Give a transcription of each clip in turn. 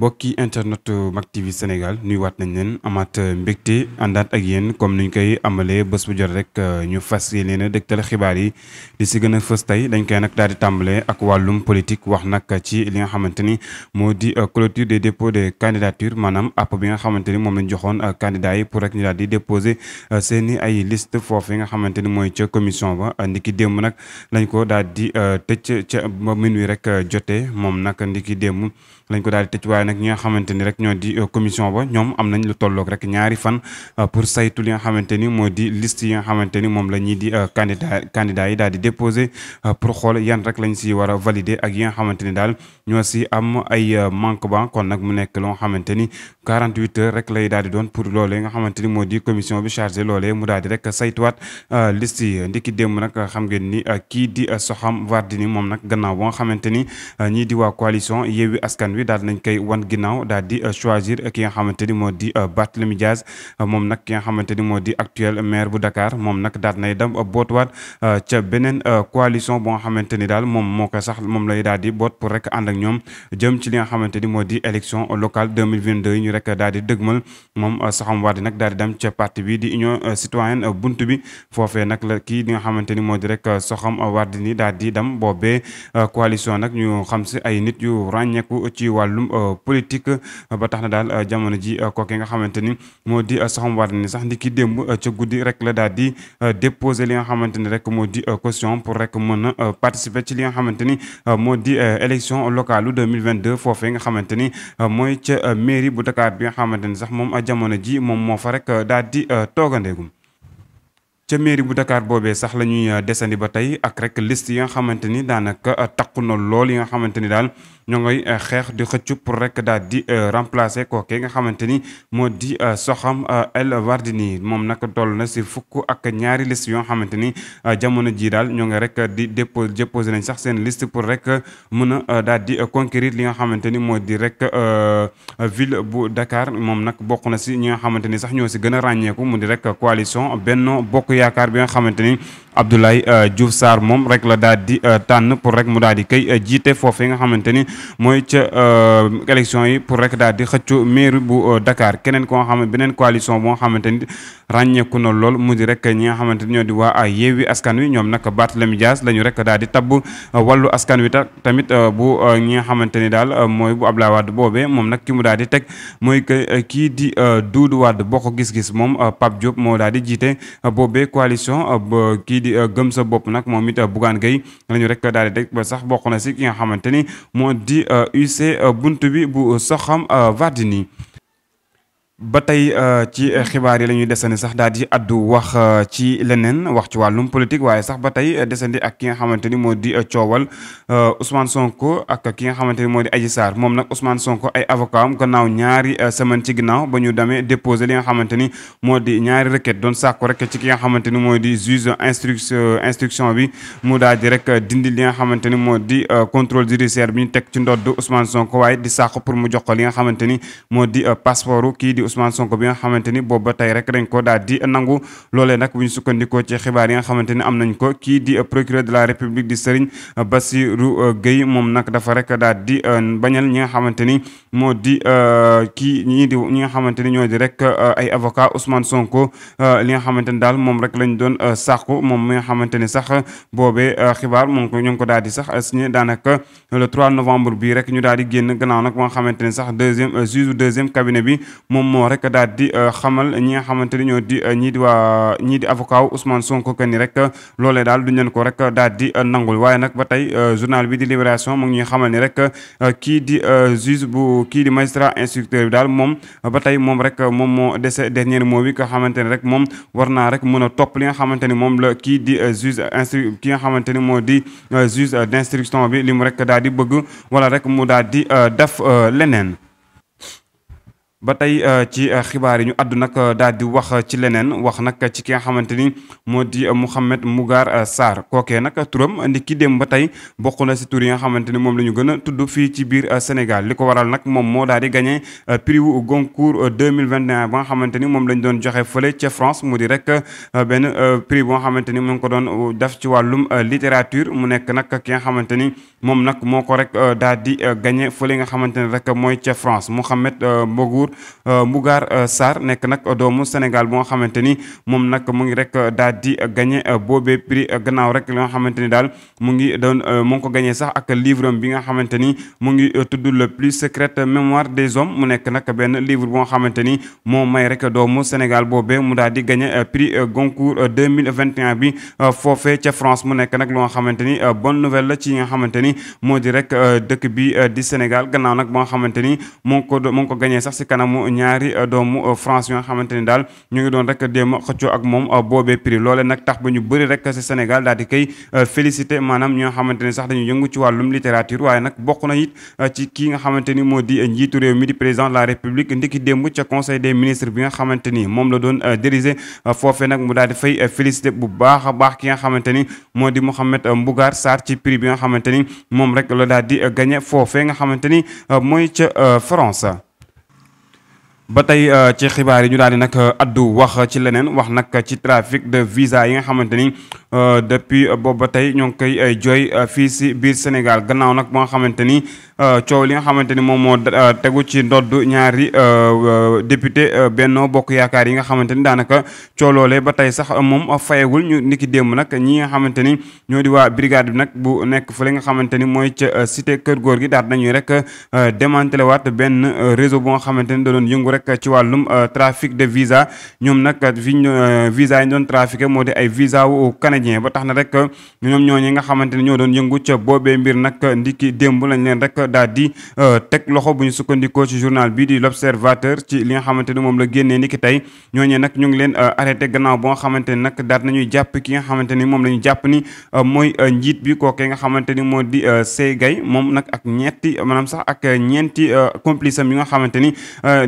mbokki internet Mak TV Sénégal waat nañ leen amaat euh, mbégte àndaat ak yéen comme niñ koy amalee bés jot rek euh, ñu fas yéene dégtal xibaar yi li si gën a fës tey dañ koy nag daal di tàmbalee ak wàllum politique wax nag ci li nga xamante ni moo di euh, clôture des dépôts des maanaam app bi nga xamante ni moom lañ joxoon candidats yi pour rek ñu daal di déposer seen i ay liste foofu yi nga xamante ni mooy ca commission ba ndiki démb nag lañ ko daal di tëj ca ba minuit rek jotee moom nag ndiki démb waaye nag ñi nga xamante ni rek ñoo euh, commission ba ñoom am nañ lu tolloog rek ñaari fan euh, pour saytu li nga xamante ni moo di liste yi nga xamante ni moom la ñuy di euh, candidat candidat yi daal di déposé pour yan rek si war a ak yi nga xamante ni daal ñoo si am ay manquement kon nag mu nekk loo xamante ni 48 heures rek lay daal di doon pour loolee nga xamante ni moo di commission bi chargé loole mu daal di rek saytuwaat liste yi ndiki démb nag xam ngeen ni kii di Soham Wardini moom nag gannaaw ba nga xamante ni ñii di coalition Yewwi Askan Wi daal nañ koy wan wan ginnaaw daal di euh, choisir euh, ki nga xamante ni moo euh, moom nag ki nga xamante ni moo di actuel maire bu Dakar moom nag daal nay dem bootuwaat ca beneen coalition bu nga xamante ni daal moom moo ko sax moom lay daal di boot pour rek ànd ak ñoom jëm ci li nga xamante ni moo di élection locale 2022 yi ñu rek daal di dëgmal moom saxam waat di nag daal di dem ca parti bi di union citoyenne buntu bi foofee nag ki kii nga xamante ni moo di rek soxam wardi ni daal di dem boobee coalition nag ñu xam si ay nit yu ràññeeku ci wàllum politique ba tax na daal euh, jamono ji euh, kooke nga xamante ni moo di euh, Soham Wardini sax ndi ki démb ca guddi rek la daal di li nga xamante ni rek moo di caution pour rek mën a participer ci li nga xamante ni moo di élection locale lu 2022 foofee nga xamante ni mooy ca mairie bu Dakar bi nga xamante ni sax moom a jamono ji moom moo fa rek daal di toogandeegum ca mairie bu Dakar boobee sax la ñuy desandi ba tey ak rek liste yi nga xamante daanaka takku na lool yi nga xamante daal ñoo ngay euh, xeex di xëccu pour rek daal di euh, remplacer kooke nga xamante ni moo di euh, soxam El Wardini moom nag toll na si fukk ak ñaari liste yoo xamante ni jamono jii daal ñoo ngi rek di déposé déposé nañ sax seen liste pour rek mën a daal di conquérir li nga xamante ni moo di rek ville bu Dakar moom nag bokk na si ñi nga xamante ni sax ñoo si gën a ràññeeku mu di rek coalition Benno Bokk Yaakaar bi nga xamante ni Abdoulaye euh, Diouf Sarr moom rek la daal di euh, tànn pour rek mu daal di koy euh, jiite foofu yi nga xamante ni mooy ca élection yi pour rek daal di xëccu mairie bu Dakar keneen ko nga xam beneen coalition boo nga xamante ni ràññeeku na lool mu di rek ñi nga xamante ni ñoo di waa Yewwi Askan Wi ñoom nag Barthélémy Dias la ñu rek daal di tabb wàllu askan wi tamit bu ñi nga xamante ni daal mooy bu Abdoulaye Wade boobee moom nag ki mu daal di teg mooy que kii di Doudou boo ko gis-gis moom Pape Diop moo daal di di euh, gëm sa bopp nag moom it euh, Bougane Gueye la ñu rek daal di dégg ba sax bokk na si ki nga xamante ni moo di UC euh, bunt bi bu Soham Wardini ba tey euh, ci xibaar yi la ñuy desandi sax daal di addu wax euh, ci leneen wax ci wàllum politique waaye sax ba tey desandi ak ki nga xamante ni moo di euh, coowal Ousmane Sonko ak ki nga xamante ni moo di Adji moom nag Ousmane Sonko ay avocat am gannaaw ñaari semaine ci ginaw ba ñu demee déposé li nga xamante ni moo di ñaari requête doon sàkku rek ci ki nga xamante ni moo di juge instruction instruction bi mu daal di rek dindi li nga xamante ni moo di contrôle judiciaire bi ñu teg ci ndodd Ousmane Sonko waaye di sàkku pour mu jox ko li nga xamante ni moo di passeport Ousmane Sonko bi nga xamante ni boobu ba tey rek dañ ko daal di nangu loolee nag bu ñu sukkandikoo ci xibaar yi nga xamante ni am nañ ko kii di procureur de la république di Serigne Bassirou Gueye moom nag dafa rek daal di euh, bañal ñi nga xamante ni moo di euh, kii ñii di ñi nga xamante ni ñoo di rek euh, ay avocat Ousmane Sonko li nga xamante ni daal moom rek lañ doon sàkku moom mi nga xamante ni sax boobee xibaar moom ko ñu ngi ko daal di sax signé daanaka le 3 novembre bii ñu daal di génn gannaaw nag ba nga xamante ni sax deuxième juge deuxième cabinet bi moom moo rek daal di euh, xamal ñi nga xamante ni ñoo di euh, ñii di waa ñii di avocat Ousmane sonk que ni rek euh, loolee daal duñ leen ko rek daal di nangul waaye nag ba tey journal bi di Libération mu ngi ñuy xamal ni rek kii di juge bu kii di magistrat instructeur bi daal moom ba tey moom rek moom moo dese dernier moo bi nga xamante ni rek moom war naa rek mën a topp li nga xamante ni moom la kii di juge instru ki nga xamante ni moo di juge d'instruction bi li mu rek daal di bëgg wala rek mu daal di def leneen. ba tey euh, ci euh, xibaar yi ñu àddu nag euh, daal di wax ci leneen wax nag ci ki nga xamante ni moo di Mouhamed Mougar Sarr kookee nag turam ndi ki dem ba tey bokk na si tur yi nga xamante ni moom la ñu gën a tudd fii ci biir Sénégal li ko waral nag moom moo daal di gagné prix wu Goncourt 2021 ba nga xamante ni moom la ñu doon joxe fële ca France mu di rek benn prix bu nga xamante ni mu ngi ko doon def ci wàllum littérature mu nekk nag ki nga xamante ni moom nag moo ko rek daal di gagné fële nga xamante ni rek mooy ca France Mouhamed Mougar Mamour euh, Mbougar euh, Sarr nekk nag doomu Sénégal bu nga xamante ni moom nag mu ngi rek euh, daal di gagné boobee prix gannaaw rek li nga xamante ni daal mu ngi doon mu ngi ko gagné sax ak livre bi nga xamante ni mu ngi tudd le plus secrète mémoire des hommes mu nekk nag benn livre bu nga xamante ni moo may rek doomu Sénégal boobee mu daal di gagné mille vingt 2021 bi foofee ca France mu nekk nag lu nga xamante ni bonne nouvelle la ci nga xamante ni moo di rek dëkk bi di Sénégal gannaaw nag bu nga moo ko moo ko gagné sax si kanam kanamu ñaari euh, doomu euh, France yu nga xamante ni daal ñu ngi doon rek déem xëccoo ak moom euh, boobee prix loole nag tax ba ñu bëri rek si Sénégal daal di koy félicité maanaam ñi nga xamante ni sax dañu yëngu ci wàllum littérature waaye nag bokk na it ci kii nga xamante ni moo di njiitu réew mi di président de la république ndiki démb ca conseil des ministres bi nga xamante ni moom la doon diriger foofee nag mu daal di fay félicité bu baax a baax ki nga xamante ni moo di Mouhamed Mbougar Sarr ci prix bi nga xamante ni moom rek la daal di gagné foofee nga xamante ni mooy ca France ba tey euh, ci xibaar yi ñu daal di nag euh, addu wax ci leneen wax nag ci trafic de visa yi nga xamante ni Euh, depuis euh, boobu ba tey ñoo ngi koy euh, joy fii si biir Sénégal gannaaw nag ba nga xamante ni coow li nga xamante ni moom moo tegu ci ndodd ñaari député benn Bokk Yaakaar yi nga xamante ni daanaka coow loolee ba tey sax moom fayagul ñu niki démb nag ñi nga xamante ni ñoo di waa brigade bi nag bu nekk fële nga xamante ni mooy ca cité kër góor gi daal nañuy rek démantelé waat benn réseau bu nga xamante ni da doon yëngu rek ci wàllum trafic de visa ñoom nag fi visa yi doon trafiqué moo di ay visa canadien ba tax na rek ñoom ñooñu nga xamante ne ñoo doon yëngu ca boobee mbir nag ndiki démb lañ leen rek daal di euh, teg loxo bu ñu sukkandikoo ci journal bi di l'observateur ci li nga xamante ne moom la génnee niki tey ñooñee nag ñu ngi leen euh, arrêté gannaaw ba nga xamante ne nag daat nañuy jàpp ki xamante ni moom la ñu jàpp ni euh, mooy njiit bi kookee nga xamante ni moo di Sey Gaye moom nag ak ñetti maanaam sax ak ñeenti complice am nga xamante ni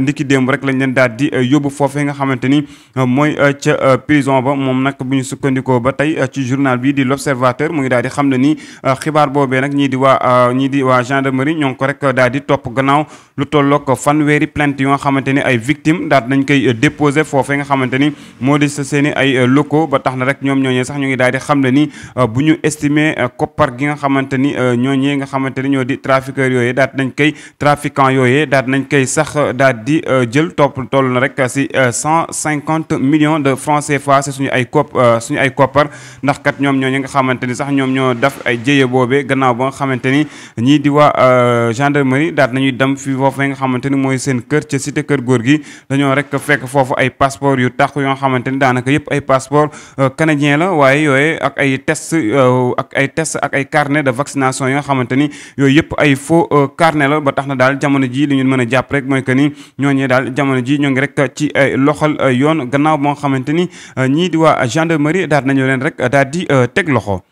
ndiki démb rek lañ leen daal di yóbbu foofee nga xamante ni mooy ca prison ba moom nag bu sukkandikoo ba tey ci journal bi di l'observateur mu ngi daal di xam ne ni euh, xibaar boobee nag ñii di waa euh, ñii di waa gendarmerie ñoo ngi ko rek euh, daal di topp gannaaw lu tolloog fanweeri plainte yoo nga xamante ni ay victimes daal nañ koy déposé foofee nga xamante ni moo di sa seeni ay locaux ba tax na rek ñoom ñooñee sax ñu ngi daal di xam ne ni bu ñu estimé koppar gi nga xamante ni ñooñee nga xamante ni ñoo di trafiqueurs yooyee daal nañ koy trafiquant yooyee daal nañ koy sax daal di jël topp toll na rek si cent cinquante millions de francs CFA suñu ay kopp suñu ay koppar ndax kat ñoom ñoo ñi nga xamante ni sax ñoom ñoo def ay jéye boobee gannaaw ba nga xamante ni ñii di waa euh, gendarmerie daat ñuy dem fi foofu nga xamante ni mooy seen kër ca cité kër góor gi dañoo rek fekk foofu ay passeport yu tax yoo nga xamante ni daanaka yëpp ay passeport euh, canadien la waaye yooye ak ay test euh, ak ay test ak ay carnet de vaccination yi nga xamante ni yooyu yëpp ay faux carnet la ba tax na daal jamono ji li ñu mën a jàpp rek mooy que ni ñooñee daal jamono ji ñoo ngi rek ci loxol yoon gannaaw boo nga xamante ni ñii di waa gendarmerie daat nañu leen rek daal di euh, teg loxo.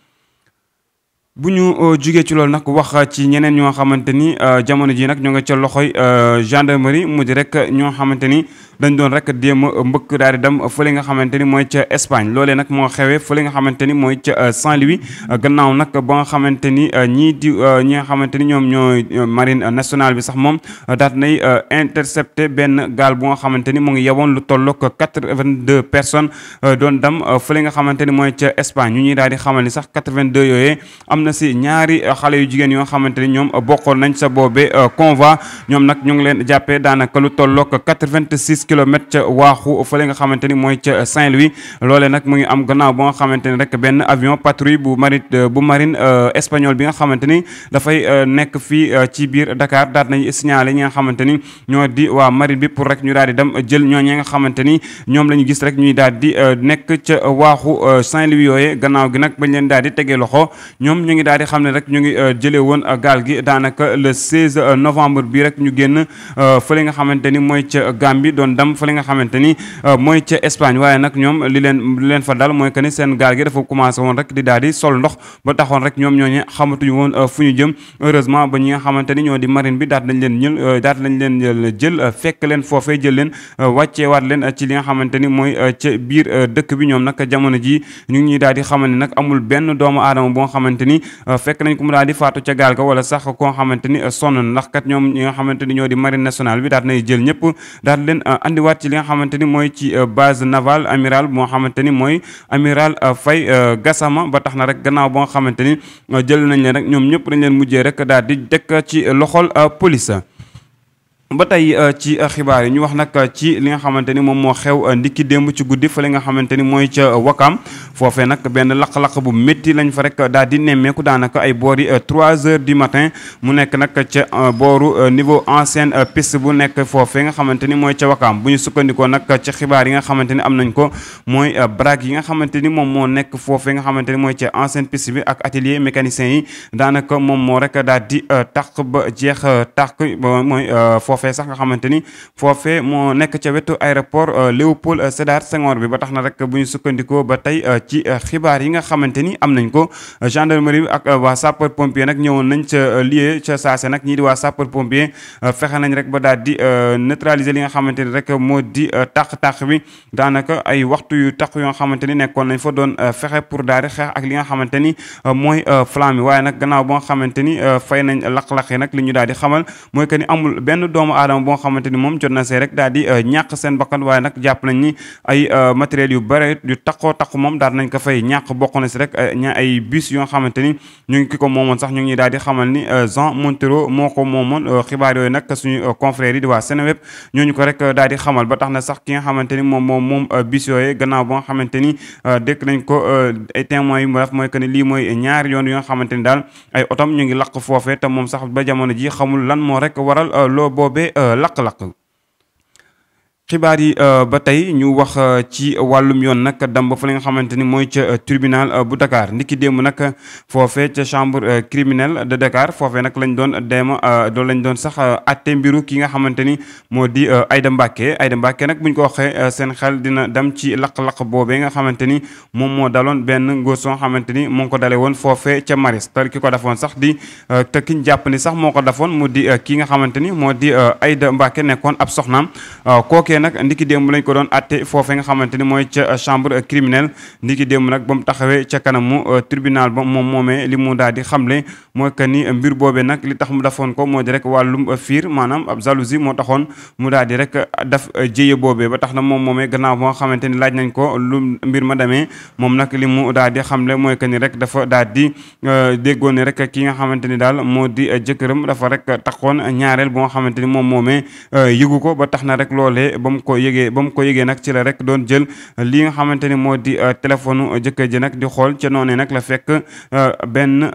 bu ñu euh, jugee ci loolu nag wax ci ñeneen ñoo xamante ni euh, jamono ji nag ñoo nga ca loxoy gendarmerie mu di rek ñoo xamante ni. dañ doon rek déem mbëkk daal di dem fële nga xamante ni mooy ca Espagne loolee nag moo xewee fële nga xamante ni mooy ca euh, Saint-Louis euh, gannaaw nag ba nga xamante ni euh, ñii di ñi nga xamante ni ñoom ñooy marine nationale bi sax moom daat nay intercepté benn gaal bu nga xamante ni mu ngi yeboon lu tollook quatre-vingt-deux personnes doon dem fële nga xamante ni mooy ca Espagne ñu ñuy daal di xamal ni sax quatre-vingt-deux yooyee am na si ñaari xale yu jigéen yoo xamante ni ñoom bokkoon nañ sa boobee convoi ñoom nag ñu ngi leen jàppee daanaka lu tollook quatre-vingt-six kilomètres ca waaxu fële nga xamante ni mooy ca Saint-Louis loole nag mu ngi am gannaaw ba nga xamante ni rek benn avion patrouille bu marine bu marine euh, espagnol bi nga xamante ni dafay euh, nekk fii euh, ci biir dakaar daat nañ signalé ñi nga xamante ni ñoo di waa marine bi pour rek ñu daal di dem jël ñoo ñi nga xamante ni ñoom la ñu gis rek ñuy daal di nekk ca waaxu Saint-Louis yooyee gannaaw gi nag bañ leen daal di tegee loxo ñoom ñu ngi daal di xam ne rek ñu ngi jëlee woon gaal gi daanaka le 16 novembre bi rek ñu génn fële nga xamante mooy ca Gambie dam fa li nga xamante ni euh, mooy ca Espagne leen leen fa mooy que seen gaal gi dafa commencé woon rek di daal di sol ndox ba taxoon rek ñoom ñooñu xamatuñu woon euh, fu ñu jëm heureusement ba ñi nga xamante ni ñoo di marine bi daat lañ leen ñël euh, daat lañ leen jël fekk leen foofee jël leen wàcceewaat leen ci li nga xamante ni mooy ca biir dëkk bi ñoom nag jamono ji ñu ngi ñuy daal di xamal nag amul benn doomu aadama boo nga xamante ni fekk nañ ko mu daal di faatu ca gaal ga wala sax koo xamante ni sonn ndax kat ñoom ñi nga xamante ni ñoo di marine nationale bi daat nay jël ñëpp daat leen andiwaat ci li nga xamante ni mooy ci euh, base naval amiral moo xamante ni mooy amiral euh, Faye euh, Gassama ba tax na rek gannaaw ba nga xamante ni jël nañ leen rek ñoom ñëpp dañ leen mujjee rek daal di teg ci loxol police ba tey euh, ci euh, xibaar yi ñu wax nag ci li nga xamante ni moom moo xew euh, ndikki démb ci guddi fa li nga xamante ni mooy ca Wakaam foofe nag benn lakk-lakk bu métti lañ fa rek daal di nemmeeku daanaka ay boori 3 heures du matin mu nekk nag ca booru niveau ancienne piste bu nekk foofee nga xamante ni mooy ca Wakaam bu ñu sukkandikoo nag ca xibaar yi nga xamante ni am nañ ko mooy braque yi nga xamante ni moom moo nekk foofee nga xamante ni mooy ca ancienne piste bi ak atelier mécanicien yi daanaka moom moo rek daal di tàq ba jeex tàq mooy foofu foofee sax nga xamante ni foofee moo nekk ca wetu aéroport euh, Léopold euh, Sédar Senghor bi ba tax na rek bu ñu sukkandikoo ba tey euh, ci xibaar yi nga xamante ni am nañ ko gendarmerie bi ak waa sapeur pompier nag ñëwoon nañ ca ca saase nag ñii di waa sapeur pompier fexe nañ rek ba daal di neutraliser li nga xamante ni rek moo di tàq-tàq bi daanaka ay waxtu yu taq yoo nga xamante ni nekkoon nañ fa doon fexe pour daal di xeex ak li nga xamante ni mooy flamme waaye nag gannaaw ba nga xamante ni fay nañ laq-laq yi nag li ñu daal di xamal mooy que ni amul benn doom doomu aadama bu nga xamante ni moom jot na see rek daal di euh, ñàkk seen bakkan waaye nag jàpp nañ ni ay euh, matériels yu bare yu taqoo taqu moom daal nañ ko fay ñàkk bokk na si rek euh, ña ay bus ko moomoon sax di xamal ni Jean Montero moo ko moomoon xibaar yooyu nag suñu confrères yi di waa Seneweb ñooñu ko rek daal di ba tax na sax ki nga xamante ni moom moom moom bis yooyu gannaaw ba nga mooy que ni lii mooy ñaari yoon ni daal ay otom ñu ngi lakk foofee te moom sax ba jamono ji xamul lan moo rek waral loo boobee boobee euh, lakk-lakk xibaar yi euh, ba tey ñu wax euh, ci wàllum yoon nag dam ba fa la nga xamante ni mooy ca euh, tribunal bu Dakar ndiki démb nag foofe ca chambre criminelle de Dakar foofe nag lañ doon deema doon lañu doon sax atte mbiru ki nga xamante ni moo di Aïda Mbacké Aïda Mbacké nag buñ ko waxee seen xel dina dem ci laq-laq boobee nga xamante ni moom moo daloon benn ngóor soo xamante ni moo ngi ko dalee woon foofe ca maris tal ki ko dafoon sax di te kiñ jàpp ni sax moo ko dafoon moo di ki nga xamante ni moo di Aïda Mbacké nekkoon ab soxnaam kookee nag ndiki démb lañ ko doon atte foofe nga xamante ni mooy ca euh, a criminelle ndiki démb nag ba taxawee ca kanamu euh, tribunal ba moom moomee li mu daal di xamle mooy que ni mbir boobee nag li tax mu defoon ko moo di rek wàllum euh, fiir maanaam ab jalousie moo taxoon mu daal di rek daf jëye boobee ba tax na moom moomee gannaaw boo xamante ni laaj nañ ko lu mbir ma demee moom nag li mu daal di xamle mooy que ni rek dafa daal di déggoon rek ki nga xamante ni daal moo di jëkkëram dafa rek taxoon ñaareel boo xamante ni moom moomee yëgu ko ba tax na rek loolee ba mu ko yëgee ba mu ko yëgee nag ci la rek doon uh, nga xamante ni moo di uh, téléphone uh, jëkkër ji nag di xool ca noonee nag la fekk benn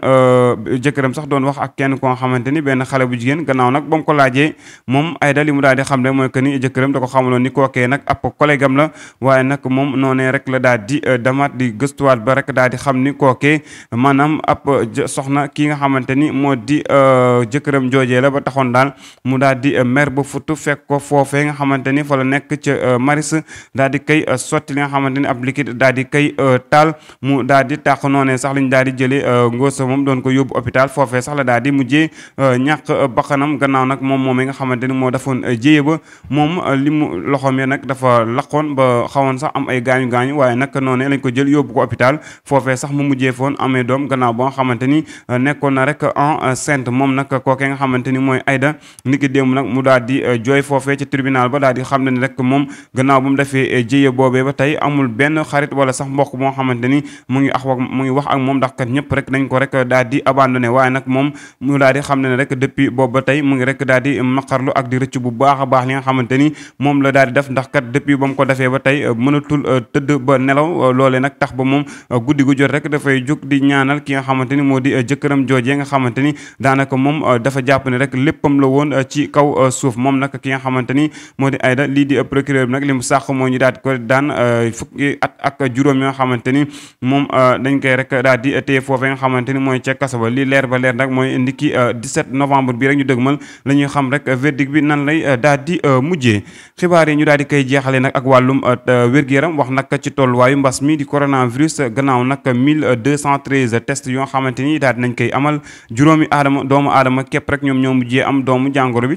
jëkkëram sax doon wax ak kenn koo xamante ni benn xale bu jigéen gannaaw nag ba ko laaje moom Aida li mu daal di xam ne mooy que ni jëkkëram da ko xamaloon ni kookee nag ab collègue la waaye nag moom noonee rek la daal di damaat di gëstuwaat ba rek daal di xam ni kookee maanaam ab soxna ki nga xamante ni moo di jëkkëram joojee la ba taxoon daal mu daal di ba futu fekk ko foofee nga xamante fa fa la nekk ca euh, maris daal di koy euh, sotti li nga xamante daal di koy euh, taal mu daal di tàq noonee sax lañ daal di jëlee ngóosa moom doon ko yóbbu hôpital foofee sax la daal moom moom mi nga xamante ni moo defoon jéye ba moom li mu loxoom ya nag dafa laqoon ba xawoon sax am ay gaañu gaañu waaye nag noonee lañ ko jël yóbbu ko hôpital foofee sax mu mujjee foon amee doom gannaaw ba nga xamante ni nekkoon na rek enceinte moom nag kookee nga xamante ni mooy Aida niki démb nag mu daal jooy foofee ci tribunal ba daal xam ne ni rek moom gannaaw ba mu defee eh, jëye boobee ba tey amul benn xarit wala sax mbokk moo xamante ni mu ax mu wax ak moom ndax kat ñëpp rek dañ ko rek daal di abandonné waaye nag moom mu daal di xam ne ne rek depuis boobu ba tey mu ngi rek daal di maqarlu ak di rëcc bu baax a baax li nga xamante ni moom la daal di def ndax kat depuis ba ko defee ba tey eh, mënatul eh, tëdd ba nelaw loolee nag tax ba moom guddi gu jot rek dafay jug di ñaanal ki nga xamante ni moo di jëkkëram jooje nga xamante ni daanaka moom dafa jàpp ne rek léppam la woon ci kaw suuf moom nag ki nga xamante moo di Aida lii di procureur bi nag li mu sàq moo ñu daal ko daan euh, fukki at ak juróom yoo nga xamante ni moom euh, dañ koy rek daal di téye foofee nga xamante ni mooy ca kaso ba li leer ba leer nag mooy ndiki 17 euh, novembre bi rek ñu dëgmal la ñuy xam rek verdict bi nan lay daal di mujjee xibaar yi ñu daal di koy jeexale nag ak wàllum wér-gu-yaram wax nag ci tolluwaayu mbas mi di coronavirus gannaaw nag 1213 tests yoo xamante ni daal di nañ koy amal juróomi aadama doomu aadama képp rek ñoom ñoo mujjee am doomu jàngoro bi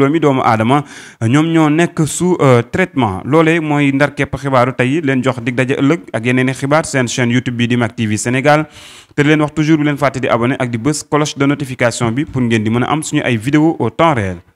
juróomi doomu aadama ñoom ñoo nekk sous euh, traitement loolee mooy ndar képp xibaaru tey leen jox dig daje ëllëg ak yeneen i xibaar seen chaîne YouTube bi di Mak TV Sénégal te leen wax toujours bu leen fàtte di abonné ak di bës cloche de notification bi pour ngeen di mën a am suñu ay vidéo au temps réel